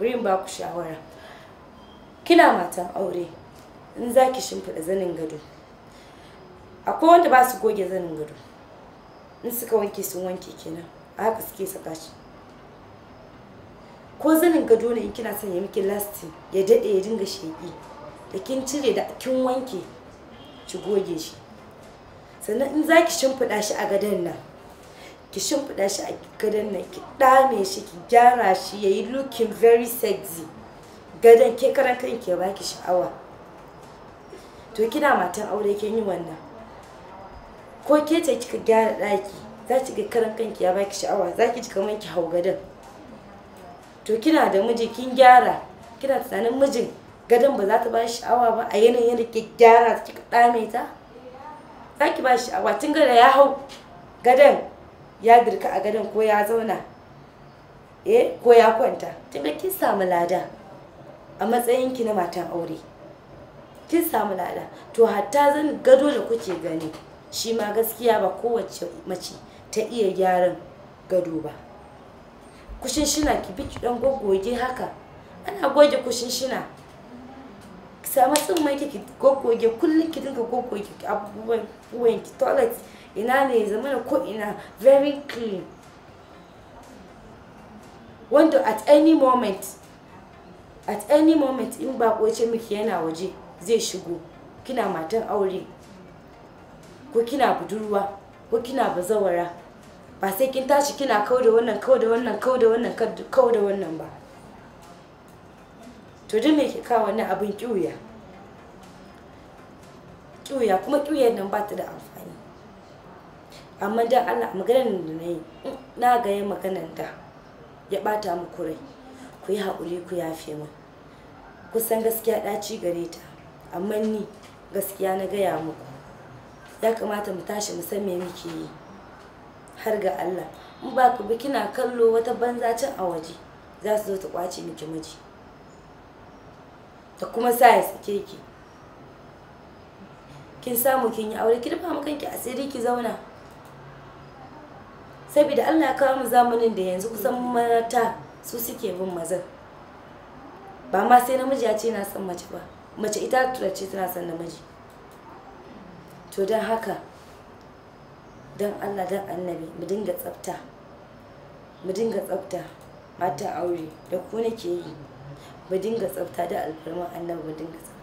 bari in ba ku shawara kina matan aure in za ki shimfiɗa zanin gado akwai wanda ba su goge zanin gado in suka wanke sun wanke kenan a haka suke saka shi ko zanin gado ne in kina son ya miki lasti ya dade ya dinga sheƙi da kin cire da kin wanke ki goge shi sannan in za ki shimfiɗa shi a gadon nan ki shimfiɗa shi a gadon nan ki ɗame shi ki gyara shi ya yi looking very sexy gadon ke karan kanki ya baki sha'awa to kina matan aure kin yi wannan ko ke ta kika gyara ɗaki za ki ga karan kanki ya baki sha'awa za ki ji kamar ki hau gadon to kina da miji kin gyara kina tunanin mijin gadon ba za ta ba shi sha'awa ba a yanayin da ke gyara da ɗame ta za ki ba shi sha'awa tun gada ya hau gadon ya dirka a gadon ko ya zauna eh ko ya kwanta tunda kin samu lada a matsayin ki na matan aure kin samu lada to hatta zan gado da kuke gani shi ma gaskiya ba kowace mace ta iya gyaran gado ba kushin shina ki bi ki dan goggoge haka ana goge kushin shina ki samu tsin ki goggoge kullum ki dinga goggoge abubuwan uwan ki toilet ina ne ya zama ko ina very clean wanda at any moment at any moment in ko ce miki yana waje zai shigo kina matan aure ko kina budurwa ko kina bazawara ba sai kin tashi kina kau da wannan kau da wannan kau da wannan kau da wannan ba to dan me ke kawo wannan abin ƙiuya ƙiuya kuma ƙiuyar nan ba ta da amfani amma dan Allah maganar da na na ga yayin maganar da ya bata mu kurai ku yi hakuri ku yafe min kusan gaskiya ɗaci gare ta amma ni gaskiya na gaya muku ya kamata mu tashi mu san me muke yi har ga Allah in ba ku bi kina kallo wata banza cin a waje za su zo ta kwace miki miji ta kuma sa ya sake ki kin samu kin yi aure ki dafa mu kanki asiri ki zauna saboda Allah ya kawo mu zamanin da yanzu kusan mata su suke bin mazan ba ma sai namiji ya ce na son mace ba mace ita turace tana son namiji to don haka don Allah don annabi mu dinga tsafta mu dinga tsafta mata aure da ku nake yi mu dinga tsafta da alfarma annabi mu dinga tsafta